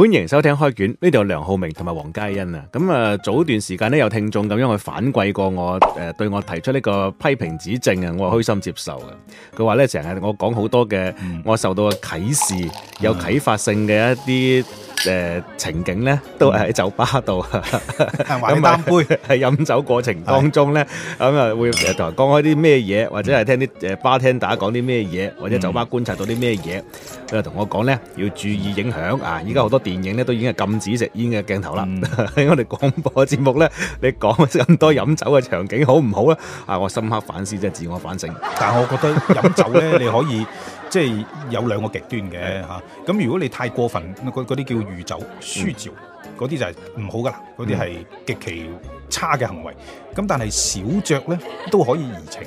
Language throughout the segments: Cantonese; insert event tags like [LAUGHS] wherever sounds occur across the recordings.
歡迎收聽開卷，呢度有梁浩明同埋黃嘉欣啊，咁啊早段時間呢，有聽眾咁樣去反饋過我，誒，對我提出呢個批評指正啊，我虛心接受嘅。佢話呢，成日我講好多嘅，我受到嘅啟示，有啟發性嘅一啲。誒、呃，情景咧都係喺酒吧度，飲、嗯、為 [LAUGHS] 杯喺飲 [LAUGHS] 酒過程當中咧，咁啊的、嗯嗯、會同人講開啲咩嘢，或者係聽啲誒、呃嗯、吧廳打講啲咩嘢，或者酒吧觀察到啲咩嘢，佢就同我講咧要注意影響啊！依家好多電影咧都已經係禁止食煙嘅鏡頭啦。喺、嗯、我哋廣播節目咧，你講咁多飲酒嘅場景好唔好啊？啊，我深刻反思，即係自我反省。但係我覺得飲酒咧， [LAUGHS] 你可以。即係有兩個極端嘅吓，咁的、啊、如果你太過分，嗰啲叫酗酒、輸照，嗰啲、嗯、就係唔好㗎喇，嗰啲係極其差嘅行為。咁、嗯、但係少酌咧都可以怡情，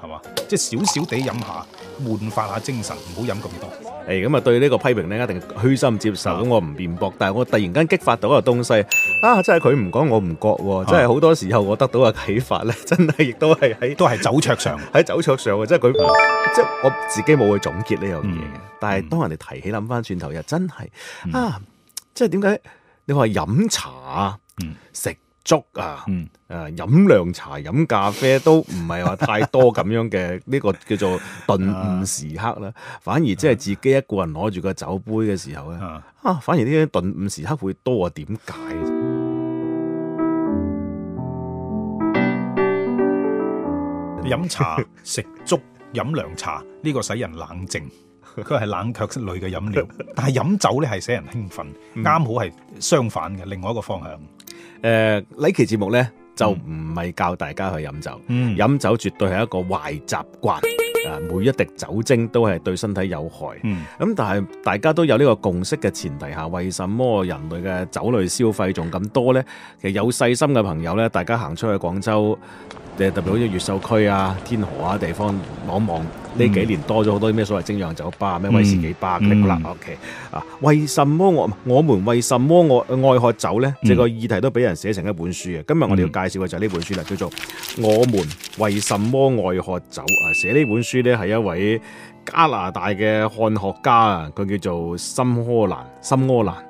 係嘛的？即係少少地飲下。煥發下精神，唔好飲咁多。誒咁啊，對呢個批評咧一定虛心接受。咁的我唔辯駁，但係我突然間激發到一個東西啊！真係佢唔講，我唔覺喎。真係好多時候我得到嘅啟發咧，真係亦都係喺都係酒桌上，喺酒桌上即係佢即係我自己冇去總結呢樣嘢，嗯、但係當人哋提起諗翻轉頭又真係啊！嗯、即係點解你話飲茶啊、嗯、食？粥啊，誒、啊、飲涼茶、飲咖啡都唔係話太多咁樣嘅呢 [LAUGHS] 個叫做頓悟時刻啦，反而即係自己一個人攞住個酒杯嘅時候咧，啊反而呢啲頓悟時刻會多啊？點解？飲茶、食粥、飲涼茶呢、呢個使人冷靜，佢係冷卻類嘅飲料，但係飲酒咧係使人興奮，啱、嗯、好係相反嘅另外一個方向。誒，呢期、呃、節目呢，就唔係教大家去飲酒，飲、嗯、酒絕對係一個壞習慣啊！每一滴酒精都係對身體有害。咁、嗯、但係大家都有呢個共識嘅前提下，為什麼人類嘅酒類消費仲咁多呢？其實有細心嘅朋友呢，大家行出去廣州，特別好似越秀區啊、天河啊地方，望望。望望呢、嗯、幾年多咗好多啲咩所謂精釀酒吧、咩威士忌吧咁啦、嗯嗯，OK 啊？為什麼我？我們為什麼愛愛喝酒咧？即係、嗯、個議題都俾人寫成一本書嘅。今日我哋要介紹嘅就係呢本書啦，叫做《我們為什麼愛喝酒》啊。寫呢本書咧係一位加拿大嘅漢學家啊，佢叫做森舸瀾。森舸瀾。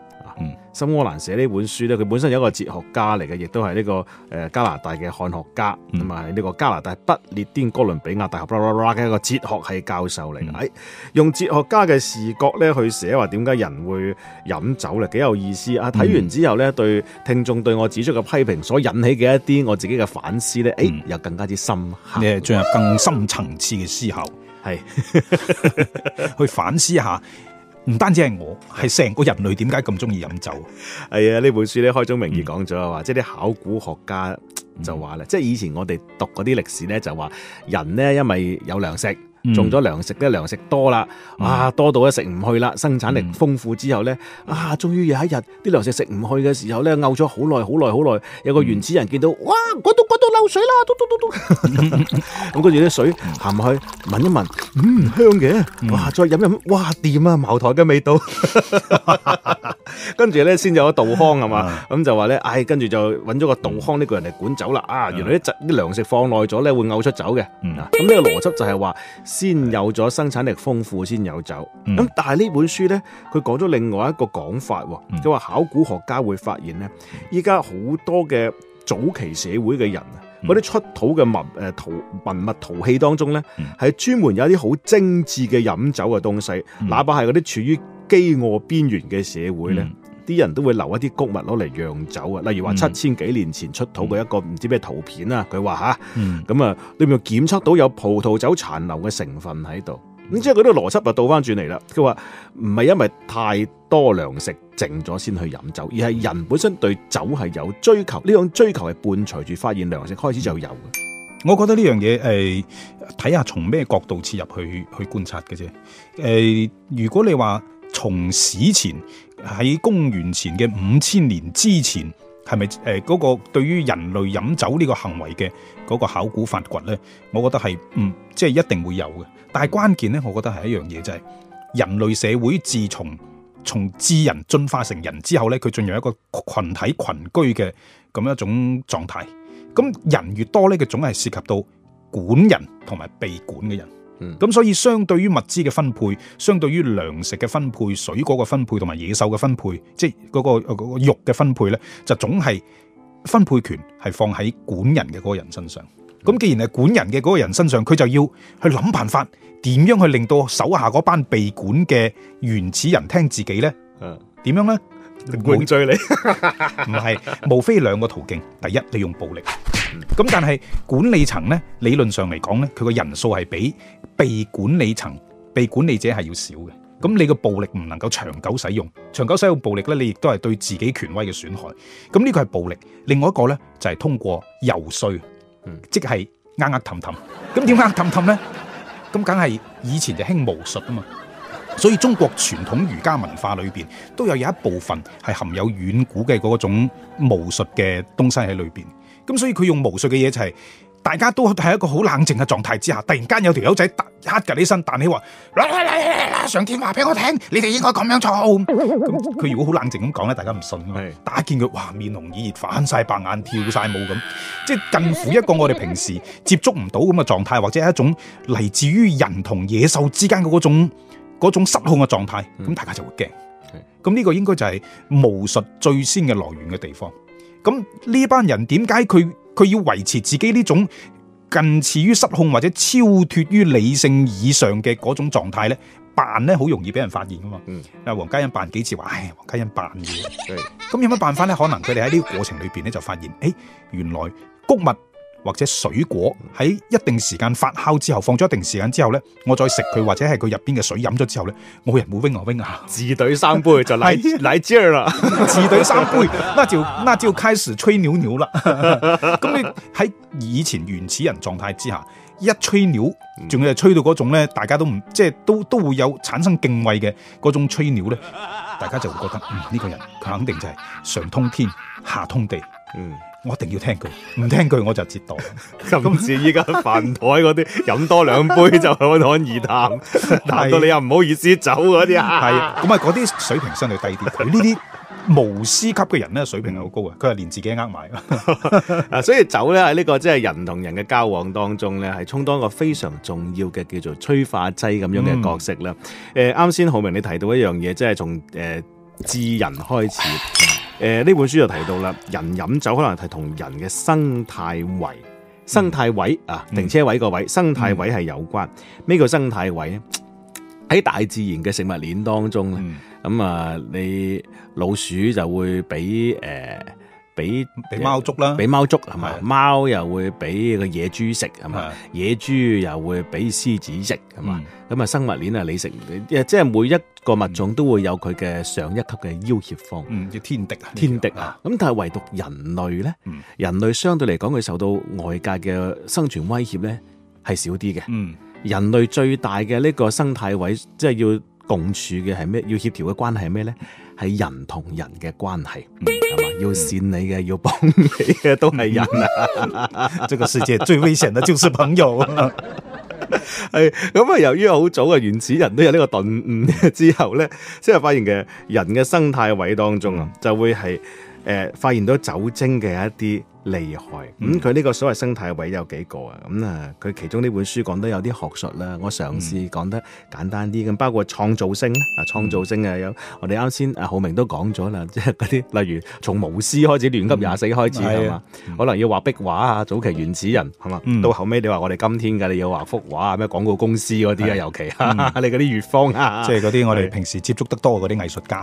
森舸瀾寫呢本書咧，佢本身有一個哲學家嚟嘅，亦都係呢個誒加拿大嘅漢學家，同埋呢個加拿大不、嗯、列顛哥倫比亞大學嘅一個哲學系教授嚟嘅。誒，嗯、用哲學家嘅視角咧去寫，話點解人會飲酒咧，幾有意思啊！睇、嗯、完之後咧，對聽眾對我指出嘅批評所引起嘅一啲我自己嘅反思咧，誒、嗯哎，又更加之深刻，你係進入更深層次嘅思考，係是 [LAUGHS] [LAUGHS] 去反思一下。唔單止係我，係成個人類點解咁中意飲酒？係啊、 [LAUGHS] 哎，呢本書咧開宗明義講咗啊，話、嗯、即係啲考古學家就話啦、嗯、即係以前我哋讀嗰啲歷史咧，就話人咧因為有糧食。種咗糧食，啲糧食多啦，啊多到都食唔去啦！生產力豐富之後咧，啊終於有一日，啲糧食食唔去嘅時候咧，漚咗好耐、好耐、好耐，有個原始人見到，哇！嗰度嗰度漏水啦，嘟嘟嘟嘟，咁跟住啲水行入去，聞一聞，嗯，香嘅，哇！再飲一飲，哇！掂啊，茅台嘅味道，跟住咧先有個杜康係嘛，咁就話咧，唉，跟住就搵咗個杜康呢個人嚟管酒啦，啊，原來一陣啲糧食放耐咗咧會漚出酒嘅，咁呢個邏輯就係話。先有咗生產力豐富，先有酒。咁、嗯、但係呢本書呢，佢講咗另外一個講法，佢話、嗯、考古學家會發現呢，依家好多嘅早期社會嘅人，嗰啲、嗯、出土嘅文誒陶、呃、文物陶器當中呢，係、嗯、專門有啲好精緻嘅飲酒嘅東西，嗯、哪怕係嗰啲處於飢餓邊緣嘅社會呢。嗯啲人都會留一啲穀物攞嚟釀酒啊，例如話七千幾年前出土過一個唔知咩圖片啊。佢話吓，咁、嗯、啊，裡、嗯、面檢測到有葡萄酒殘留嘅成分喺度，咁、嗯、即係嗰啲邏輯就倒翻轉嚟啦。佢話唔係因為太多糧食剩咗先去飲酒，而係人本身對酒係有追求，呢種追求係伴隨住發現糧食開始就有嘅。我覺得呢樣嘢係睇下從咩角度切入去去觀察嘅啫。誒、呃，如果你話從史前。喺公元前嘅五千年之前，係咪誒嗰個對於人類飲酒呢個行為嘅嗰個考古發掘咧？我覺得係嗯，即係一定會有嘅。但係關鍵咧，我覺得係一樣嘢，就係、是、人類社會自從從智人進化成人之後咧，佢進入一個群體群居嘅咁一種狀態。咁人越多咧，佢總係涉及到管人同埋被管嘅人。咁、嗯、所以，相對於物資嘅分配，相對於糧食嘅分配、水果嘅分配同埋野獸嘅分配，即係嗰、嗰個嗰個肉嘅分配呢，就總係分配權係放喺管人嘅嗰個人身上。咁、嗯、既然係管人嘅嗰個人身上，佢就要去諗辦法，點樣去令到手下嗰班被管嘅原始人聽自己呢？點、嗯、樣咧？詆譭追你？唔 [LAUGHS] 係，無非兩個途徑。第一，利用暴力。咁但係管理層咧，理論上嚟講咧，佢個人數係比被管理層、被管理者係要少嘅。咁你個暴力唔能夠長久使用，長久使用暴力咧，你亦都係對自己權威嘅損害。咁呢個係暴力，另外一個咧就係通過遊說，即係呃呃氹氹。咁點呃氹氹咧？咁梗係以前就興巫術啊嘛。所以中國傳統儒家文化裏邊都有有一部分係含有遠古嘅嗰種巫術嘅東西喺裏邊。咁所以佢用巫術嘅嘢就係、是，大家都係一個好冷靜嘅狀態之下，突然間有條友仔突黑趌起身，彈起話：上天話俾我聽，你哋應該咁樣做。咁佢 [LAUGHS] 如果好冷靜咁講咧，大家唔信啦。大家是見佢哇，面紅耳熱，反晒白眼，跳晒舞咁，即係近乎一個我哋平時接觸唔到咁嘅狀態，或者係一種嚟自於人同野獸之間嘅嗰種，嗰種失控嘅狀態。咁、嗯、大家就會驚。咁呢是個應該就係巫術最先嘅來源嘅地方。咁呢班人點解佢佢要維持自己呢種近似於失控或者超脱於理性以上嘅嗰種狀態咧？扮咧，好容易俾人發現噶嘛。嗱、嗯，黃嘉欣扮幾次話，唉，黃嘉欣扮嘢。咁 [LAUGHS] 有乜辦法咧？可能佢哋喺呢個過程裏邊咧就發現，誒、欸，原來谷物。或者水果喺一定時間發酵之後，放咗一定時間之後咧，我再食佢或者係佢入邊嘅水飲咗之後咧，我人會 wing 啊 wing 啊，自對三杯就奶來勁、 [LAUGHS] 啊、兒啦， [LAUGHS] 自對三杯，那就那就開始吹鳥鳥啦。咁 [LAUGHS] 你喺以前原始人狀態之下，一吹鳥仲要係吹到嗰種咧，大家都唔即係都都會有產生敬畏嘅嗰種吹鳥咧，大家就會覺得呢、嗯，呢個人佢肯定就係上通天下通地，嗯。我一定要聽佢，唔聽佢我就折墮。今次依家飯台嗰啲飲多兩杯就可可以談，但係 [LAUGHS] 你又唔好意思 [LAUGHS] 走嗰啲啊。係， [LAUGHS] 咁啊嗰啲水平相對低啲。佢呢啲無私級嘅人咧，水平係好高嘅。佢係、嗯、連自己呃埋。啊 [LAUGHS] [LAUGHS] 所以酒咧喺呢個即係、就是、人同人嘅交往當中咧，係充當一個非常重要嘅叫做催化劑咁樣嘅角色啦。誒，啱先浩明你提到一樣嘢，即、就、係、是、從誒智、呃、人開始。誒、呢、呃、本書就提到啦，人飲酒可能係同人嘅生態位、生態位、嗯、啊、停車位個位、嗯、生態位係有關。呢、嗯、個生態位喺大自然嘅食物鏈當中咧，咁、嗯、啊，你老鼠就會俾誒。呃俾俾貓捉啦，俾貓捉係嘛？是的 貓又會俾個野豬食係嘛？是的 野豬又會俾獅子食係嘛？咁啊是的、嗯、生物鏈啊，你食，即係每一個物種都會有佢嘅上一級嘅要挾方，叫、嗯、天敵，天敵啊，天敵啊，咁但係唯獨人類咧，嗯、人類相對嚟講佢受到外界嘅生存威脅咧係少啲嘅，嗯、人類最大嘅呢個生態位，即、就、係、是、要共處嘅係咩？要協調嘅關係係咩咧？係人同人嘅關係。嗯要扇你嘅，要幫你嘅，都係人啊！ [LAUGHS] 這個世界最危險嘅就是朋友啊。係咁啊！ [LAUGHS] 由於好早嘅原始人都有呢個頓悟之後咧，即係發現嘅人嘅生態位當中啊，嗯、就會係誒、呃、發現到酒精嘅一啲。厲害咁佢呢個所謂生態位有幾個啊？咁啊佢其中呢本書講得有啲學術啦，我嘗試講得簡單啲咁，包括創造性啊，創造性啊有我哋啱先啊浩明都講咗啦，即係嗰啲例如從巫師開始亂急廿四開始係嘛？可能要畫壁畫啊，早期原始人係嘛？到後尾你話我哋今天㗎，你要畫幅畫啊？咩廣告公司嗰啲啊，尤其你嗰啲乙方啊，即係嗰啲我哋平時接觸得多嗰啲藝術家。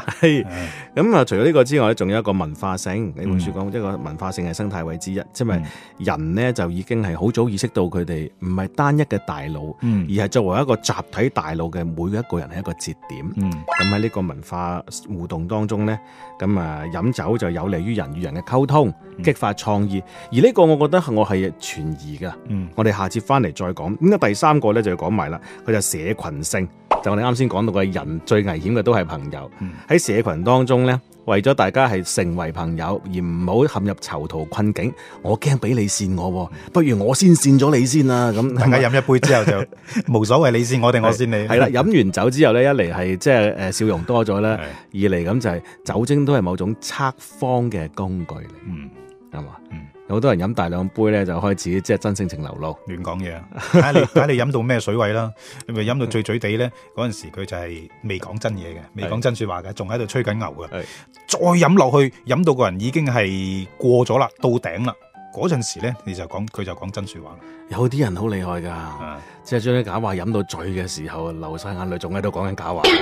咁啊，除咗呢個之外仲有一個文化性，呢本書講一個文化性嘅生態位。之一，即係人咧，就已經係好早意識到佢哋唔係單一嘅大腦，嗯、而係作為一個集體大腦嘅每一個人係一個節點。咁喺呢個文化互動當中咧，咁啊飲酒就有利於人與人嘅溝通，嗯、激發創意。而呢個我覺得我係存疑噶。嗯、我哋下次翻嚟再講。咁啊第三個咧，就要講埋啦，佢就社群性，就我哋啱先講到嘅人最危險嘅都係朋友喺社群當中咧。為咗大家係成為朋友而唔好陷入囚徒困境，我驚俾你扇我，不如我先扇咗你先啦。咁，大家飲一杯之後就冇 [LAUGHS] 所謂，你扇 [LAUGHS] 我定我扇你？係啦，飲完酒之後咧，一嚟係即係誒笑容多咗啦，的二嚟咁就係、是、酒精都係某種測謊嘅工具嚟，嗯，係嘛吧？嗯有好多人飲大兩杯咧，就開始即係真性情流露，亂講嘢啊！睇下你睇你飲到咩水位啦， [LAUGHS] 你咪飲到醉醉地咧，嗰陣時佢就係未講真嘢嘅，未講真說話嘅，仲喺度吹緊牛嘅。的再飲落去，飲到個人已經係過咗啦，到頂啦，嗰陣時咧，你就講佢就講真說話。有啲人好厲害噶，啊、即係將啲假話飲到醉嘅時候，流晒眼淚，仲喺度講緊假話。係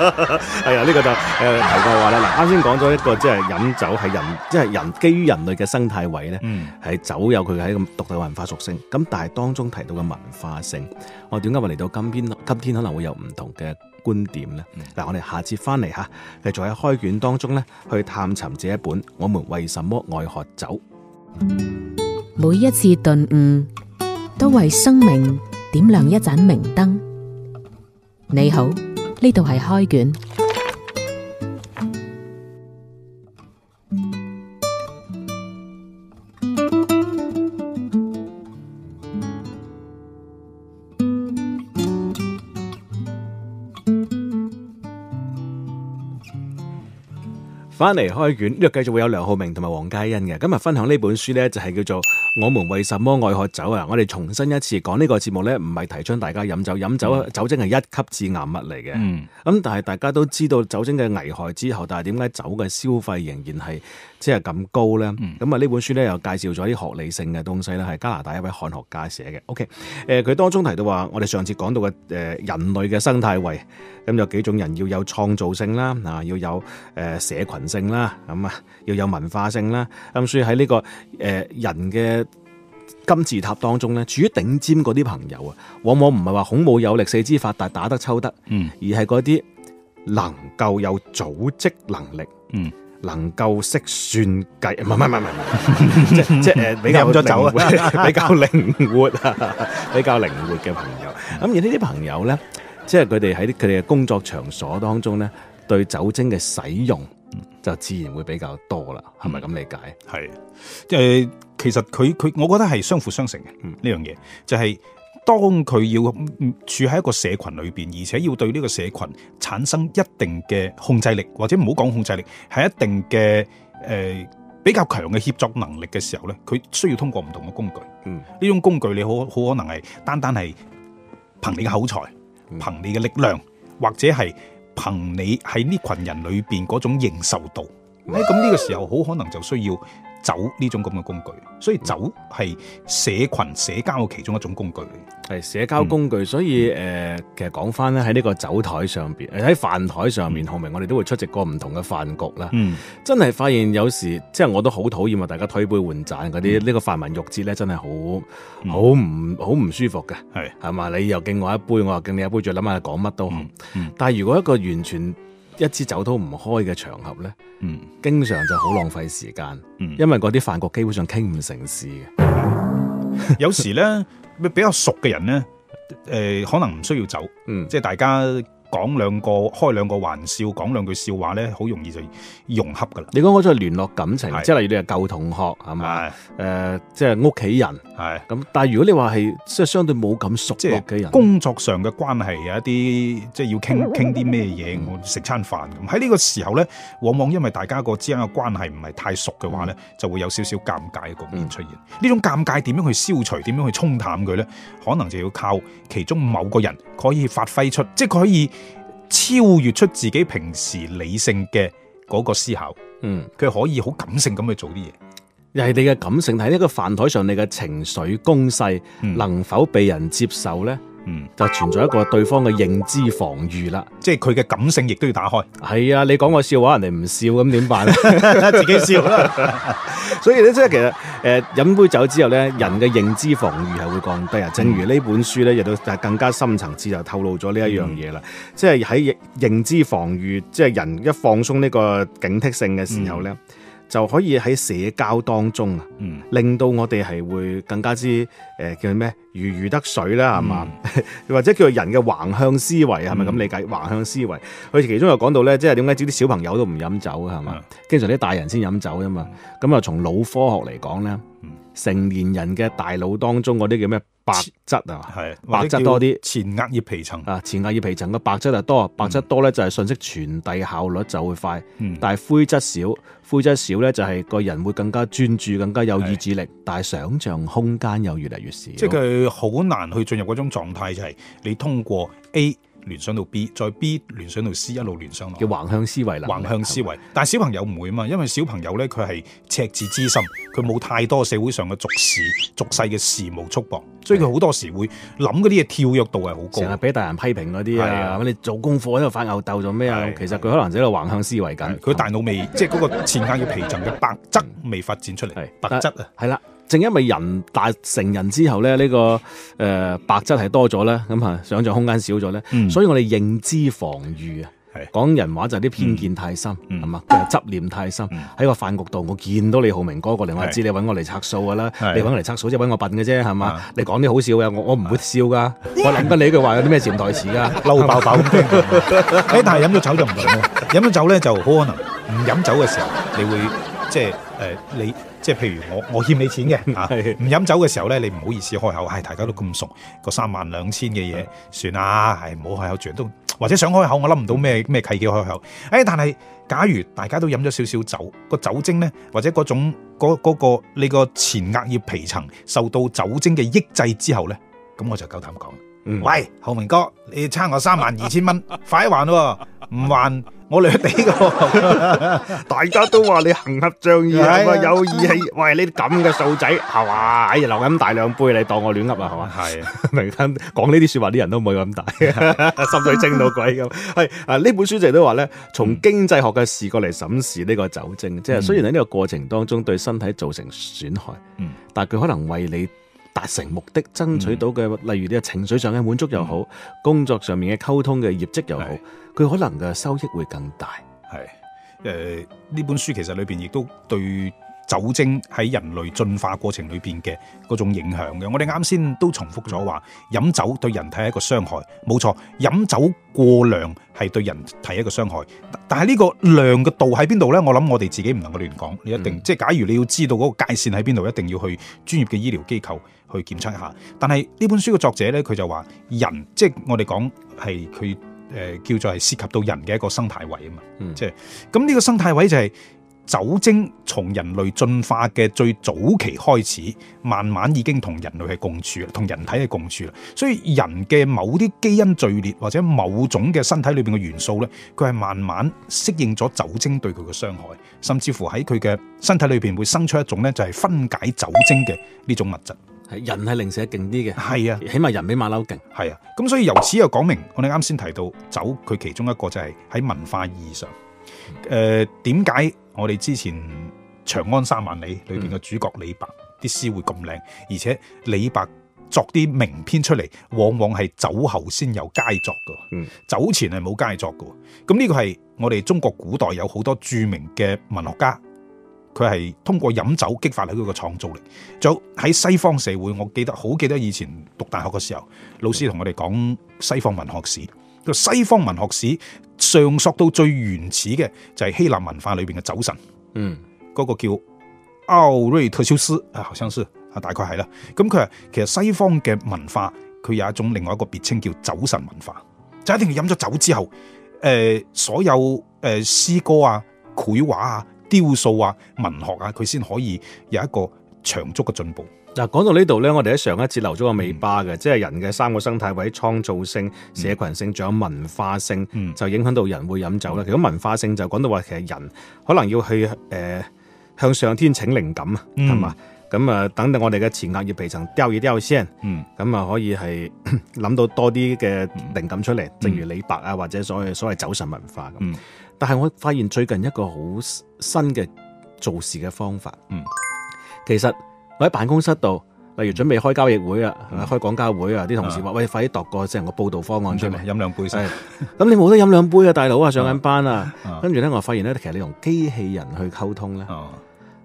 啊，呢、呢個就誒提過話啦。嗱、呃，啱先講咗一個即係飲酒係人，即、就、係、是、人基於人類嘅生態位咧，係、嗯、酒有佢嘅喺咁獨特文化屬性。咁但係當中提到嘅文化性，我點解會嚟到今天，今天可能會有唔同嘅觀點咧？嗱、嗯，我哋下次翻嚟吓，繼續仲喺開卷當中咧，去探尋這一本《我們為什麼愛喝酒》嗯。每一次頓悟，都為生命點亮一盞明燈。你好，呢度係開卷。翻嚟開卷，呢個繼續會有梁浩明同埋黃嘉欣嘅，今日分享呢本書呢，就係叫做《我們為什麼愛喝酒》啊！我哋重新一次講呢、這個節目呢，唔係提倡大家飲酒，飲酒酒精係一級致癌物嚟嘅。咁、嗯、但係大家都知道酒精嘅危害之後，但係點解酒嘅消費仍然係？即係咁高咧，咁啊呢本書咧又介紹咗啲學理性嘅東西咧，係加拿大一位漢學家寫嘅。OK，誒、呃、佢當中提到話，我哋上次講到嘅誒、呃、人類嘅生態位，咁、嗯、有幾種人要有創造性啦，啊要有誒、呃、社群性啦，咁啊要有文化性啦，咁、嗯、所以喺呢、這個誒、呃、人嘅金字塔當中咧，處於頂尖嗰啲朋友啊，往往唔係話孔武有力、四肢發達、打得抽得，嗯，而係嗰啲能夠有組織能力，嗯。能夠識算計，唔係唔係唔係唔係，即即誒比較飲咗酒，比較靈活啊，比較靈活嘅朋友。咁、嗯、而呢啲朋友咧，即係佢哋喺佢哋嘅工作場所當中咧，對酒精嘅使用就自然會比較多啦，係咪咁理解？係，即、呃、係其實佢佢，我覺得係相輔相成嘅呢樣嘢，就係、嗯。當佢要處喺一個社群裏邊，而且要對呢個社群產生一定嘅控制力，或者唔好講控制力，係一定嘅、誒、呃、比較強嘅協作能力嘅時候呢，佢需要通過唔同嘅工具。嗯，呢種工具你好好可能係單單係憑你嘅口才，憑你嘅力量，或者係憑你喺呢群人裏邊嗰種認受度。咁呢、嗯、個時候好可能就需要。酒呢種咁嘅工具，所以酒係社群社交嘅其中一種工具。係社交工具，所以誒、嗯呃，其實講翻咧喺呢個酒台上邊，喺飯台上面，嗯、後面我哋都會出席過唔同嘅飯局啦。嗯，真係發現有時即係我都好討厭啊，大家推杯換盞嗰啲，呢、嗯、個繁文縟節咧真係好好唔好唔舒服嘅。係係嘛，你又敬我一杯，我又敬你一杯，再諗下講乜都好。嗯嗯、但係如果一個完全。一支酒都唔開嘅場合咧，嗯，經常就好浪費時間，嗯，因為嗰啲飯局基本上傾唔成事嘅，有時咧 [LAUGHS] 比較熟嘅人咧，誒、呃、可能唔需要走，嗯，即係大家。講兩個開兩個玩笑，講兩句笑話咧，好容易就融洽噶啦。你講嗰種聯絡感情，是即係例如你係舊同學係咪？誒是、呃，即係屋企人係咁。是但係如果你話係即係相對冇咁熟嘅人，即係工作上嘅關係有一啲，即係要傾傾啲咩嘢，食餐飯咁。喺呢、嗯、個時候咧，往往因為大家個之間嘅關係唔係太熟嘅話咧，就會有少少尷尬局面出現。呢、嗯、種尷尬點樣去消除？點樣去沖淡佢咧？可能就要靠其中某個人可以發揮出，即係佢可以。超越出自己平時理性嘅嗰個思考，他嗯，佢可以好感性咁去做啲嘢。又係你嘅感性喺一個飯台上，你嘅情緒攻勢、嗯、能否被人接受咧？嗯，就存在一個對方嘅認知防禦啦，即係佢嘅感性亦都要打開。係啊，你講個笑話，人哋唔笑咁點辦？ [LAUGHS] 自己笑啦。 [LAUGHS] 所以咧，即係其實誒，飲、呃、杯酒之後咧，人嘅認知防禦係會降低啊。正如呢本書咧，亦都但係更加深層次就透露咗呢一樣嘢啦。嗯、即係喺認知防禦，即係人一放鬆呢個警惕性嘅時候咧。嗯就可以喺社交當中啊，嗯、令到我哋係會更加之誒、呃、叫咩？如魚得水啦，係嘛？嗯、 [LAUGHS] 或者叫人嘅橫向思維，係咪咁理解？嗯、橫向思維佢其中又講到咧，即係點解只啲小朋友都唔飲酒嘅係嘛？的經常啲大人先飲酒吖嘛。咁啊，從腦科學嚟講咧，嗯、成年人嘅大腦當中嗰啲叫咩？白質啊，係是白質多啲前額葉皮層啊，前額葉皮層嘅白質就多，白質多咧就係信息傳遞效率就會快。嗯，但係灰質少，灰質少咧就係個人會更加專注，更加有意志力。是的但係想像空間又越嚟越少。即係佢好難去進入嗰種狀態，就係你通過 A。聯想到 B，再 B 聯想到 C，一路聯想來叫橫向思維啦。橫向思維，吧但係小朋友唔會啊嘛，因為小朋友咧佢係赤子之心，佢冇太多社會上嘅俗事俗世嘅事務束縛，的所以佢好多時會諗嗰啲嘢跳躍度係好高，成日俾大人批評嗰啲啊，的你做功課喺度發吽竇做咩啊？的其實佢可能就喺度橫向思維緊，佢大腦未、嗯、即係嗰個前額葉皮層嘅白質未發展出嚟，的白質啊，係啦、啊。正因為人大成人之後咧，呢個誒白質係多咗咧，咁啊想象空間少咗咧，所以我哋認知防禦啊，講人話就係啲偏見太深，係嘛，執念太深，喺個飯局度我見到你，浩明哥過嚟，我知你揾我嚟拆數噶啦，你揾我嚟拆數即係揾我笨嘅啫，係嘛？你講啲好笑嘅，我我唔會笑噶，我諗緊你呢句話有啲咩潛台詞噶，嬲爆爆。咁。但係飲咗酒就唔同，飲咗酒咧就好可能唔飲酒嘅時候，你會即係誒你。即係譬如我我欠你錢嘅，唔飲酒嘅時候咧，你唔好意思開口。係大家都咁熟，個三萬兩千嘅嘢，算啦，係唔好開口住。都或者想開口，我諗唔到咩咩契機開口。誒，但係假如大家都飲咗少少酒，個酒精咧，或者嗰種嗰嗰、嗰個呢、嗰個你前額葉皮層受到酒精嘅抑制之後咧，咁我就夠膽講。嗯、喂，浩明哥，你差我三萬二千蚊， [LAUGHS] 快啲還咯、哦，唔還？我劣地個， [LAUGHS] 大家都話你行俠仗義，哎、呀有意有義氣。喂，你咁嘅數仔係嘛？哎呀，留咁大兩杯你當我亂噏啊，係嘛？係明講講呢啲說話啲人都唔會咁大， [LAUGHS] 心至精到鬼咁。係啊，呢本書就都話咧，從經濟學嘅視角嚟審視呢個酒精，嗯、即係雖然喺呢個過程當中對身體造成損害，嗯、但係佢可能為你。達成目的、爭取到嘅，嗯、例如你嘅情緒上嘅滿足又好，嗯、工作上面嘅溝通嘅業績又好，佢是可能嘅收益會更大。係，誒、呃、呢本書其實裏邊亦都對，對。酒精喺人類進化過程裏邊嘅嗰種影響嘅，我哋啱先都重複咗話，飲酒對人體係一個傷害，冇錯，飲酒過量係對人體一個傷害。但係呢個量嘅度喺邊度呢？我諗我哋自己唔能夠亂講，你一定、mm hmm. 即係，假如你要知道嗰個界線喺邊度，一定要去專業嘅醫療機構去檢測一下。但係呢本書嘅作者呢，佢就話人，即係我哋講係佢誒叫做係涉及到人嘅一個生態位啊嘛，mm hmm. 即係咁呢個生態位就係、是。酒精從人類進化嘅最早期開始，慢慢已經同人類係共處，同人體係共處啦。所以人嘅某啲基因序列或者某種嘅身體裏邊嘅元素呢，佢係慢慢適應咗酒精對佢嘅傷害，甚至乎喺佢嘅身體裏邊會生出一種呢，就係分解酒精嘅呢種物質。係人係零舍勁啲嘅，係啊，起碼人比馬騮勁，係啊。咁所以由此又講明，我哋啱先提到酒，佢其中一個就係喺文化意義上，誒、呃，點解？我哋之前《長安三萬里》裏邊嘅主角李白，啲詩會咁靚，而且李白作啲名篇出嚟，往往係酒後先有佳作嘅，嗯，酒前係冇佳作嘅。咁呢個係我哋中國古代有好多著名嘅文學家，佢係通過飲酒激發佢個創造力。仲喺西方社會，我記得好記得以前讀大學嘅時候，老師同我哋講西方文學史，佢話西方文學史。上溯到最原始嘅就係希臘文化裏邊嘅酒神，嗯，嗰個叫奧瑞特修斯啊，好像是啊，大概係啦。咁佢話其實西方嘅文化佢有一種另外一個別稱叫酒神文化，就一定要飲咗酒之後，誒、呃，所有誒詩、呃、歌啊、繪畫啊、雕塑啊、文學啊，佢先可以有一個長足嘅進步。嗱，講到呢度咧，我哋喺上一節留咗個尾巴嘅，即係人嘅三個生態位：創造性、社群性，仲有文化性，就影響到人會飲酒啦。其實文化性就講到話，其實人可能要去誒向上天請靈感啊，係嘛？咁啊，等我哋嘅前額葉皮層丟嘢、丟嘢先，咁啊可以係諗到多啲嘅靈感出嚟，正如李白啊，或者所謂所謂酒神文化咁。但係我發現最近一個好新嘅做事嘅方法，其實。我喺辦公室度，例如準備開交易會啊，開廣交會啊，啲同事話：，喂，快啲度個即係個報道方案出嚟，飲兩杯先。咁你冇得飲兩杯啊，大佬啊，上緊班啊。跟住咧，我發現咧，其實你同機器人去溝通咧，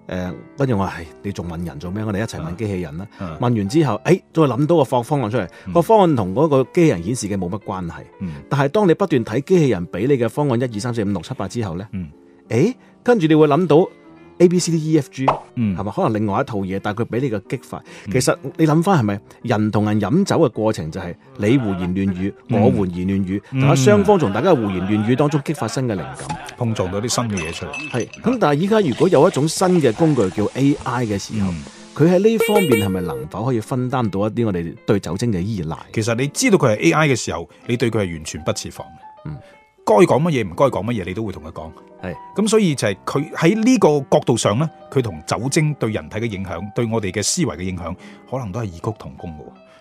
誒，跟住我話：，係你仲問人做咩？我哋一齊問機器人啦。問完之後，誒，再諗到個方方案出嚟，個方案同嗰個機器人顯示嘅冇乜關係。但係當你不斷睇機器人俾你嘅方案一二三四五六七八之後咧，誒，跟住你會諗到。A、B、C、D、E、F、G，係嘛？可能另外一套嘢，但係佢俾你個激發。嗯、其實你諗翻係咪人同人飲酒嘅過程就係你胡言亂語，嗯、我胡言亂語，咁雙、嗯、方從大家胡言亂語當中激發新嘅靈感，碰撞到啲新嘅嘢出嚟。係咁是，是但係依家如果有一種新嘅工具叫 A I 嘅時候，佢喺呢方面係咪能否可以分擔到一啲我哋對酒精嘅依賴？其實你知道佢係 A I 嘅時候，你對佢係完全不設防嘅。嗯。該講乜嘢唔該講乜嘢，你都會同佢講。係咁是，所以就係佢喺呢個角度上呢，佢同酒精對人體嘅影響，對我哋嘅思維嘅影響，可能都係異曲同工嘅。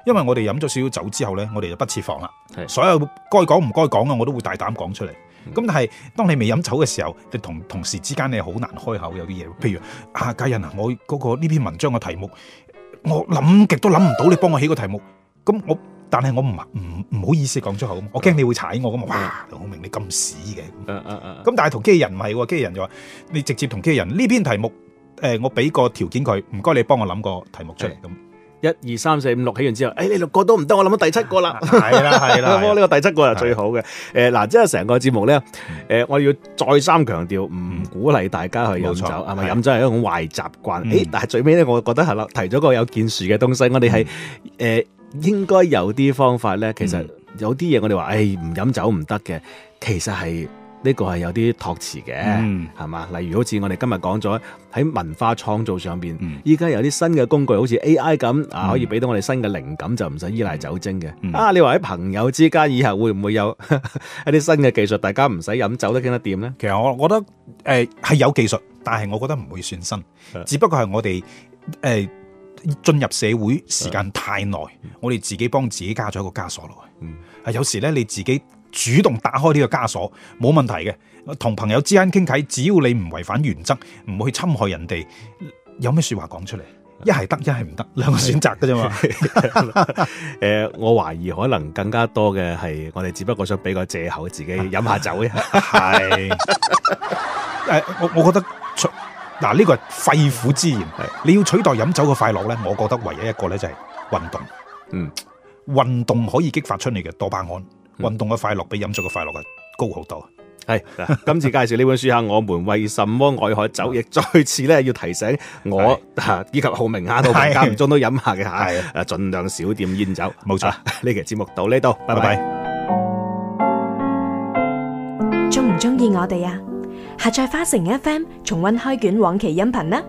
因為我哋飲咗少少酒之後呢，我哋就不設防啦。是所有該講唔該講嘅，我都會大膽講出嚟。咁、嗯、但係當你未飲酒嘅時候，你同同事之間你好難開口，有啲嘢，譬如啊，佳人啊，我嗰、那個呢篇文章嘅題目，我諗極都諗唔到，你幫我起個題目。咁我。但係我唔唔唔好意思講出口，我驚你會踩我咁。哇！我、嗯、明你咁屎嘅咁，嗯嗯嗯、但係同機器人唔係喎，機器人就話你直接同機器人呢篇題目，誒、呃、我俾個條件佢，唔該你幫我諗個題目出嚟咁。一二三四五六起完之後，誒、哎、你六個都唔得，我諗到第七個啦，係啦係啦，呢個第七個係最好嘅。誒嗱，即係成個節目咧，誒我要再三強調，唔、嗯、鼓勵大家去飲酒，係咪飲酒係一種壞習慣？誒、嗯欸，但係最尾咧，我覺得係啦，提咗個有建樹嘅東西，我哋係誒。嗯呃應該有啲方法呢。其實有啲嘢我哋話，誒唔飲酒唔得嘅，其實係呢、這個係有啲託詞嘅，係嘛、嗯？例如好似我哋今日講咗喺文化創造上面，依家、嗯、有啲新嘅工具，好似 AI 咁、嗯、啊，可以俾到我哋新嘅靈感，就唔使依賴酒精嘅。嗯、啊，你話喺朋友之間以後會唔會有 [LAUGHS] 一啲新嘅技術，大家唔使飲酒都傾得掂呢？其實我覺得誒係、呃、有技術，但係我覺得唔會算新，的只不過係我哋誒。呃進入社會時間太耐，我哋自己幫自己加咗一個枷鎖落去。啊，有時咧你自己主動打開呢個枷鎖，冇問題嘅。同朋友之間傾偈，只要你唔違反原則，唔去侵害人哋，有咩說話講出嚟？一係得，一係唔得，兩個選擇噶啫嘛。誒，我懷疑可能更加多嘅係我哋只不過想俾個借口，自己飲下酒。係誒， [LAUGHS] 我、呃、我覺得。出嗱，呢個係肺腑之言。你要取代飲酒嘅快樂咧，我覺得唯一一個咧就係運動。嗯，運動可以激發出嚟嘅多巴胺，運動嘅快樂比飲酒嘅快樂係高好多。係，今次介紹呢本書下，我們為什麼愛喝酒，亦再次咧要提醒我，以及浩明啊，都間唔中都飲下嘅嚇，誒，儘量少點煙酒。冇錯，呢期節目到呢度，拜拜。中唔中意我哋啊？下載花城 FM，重溫開卷往期音頻啦！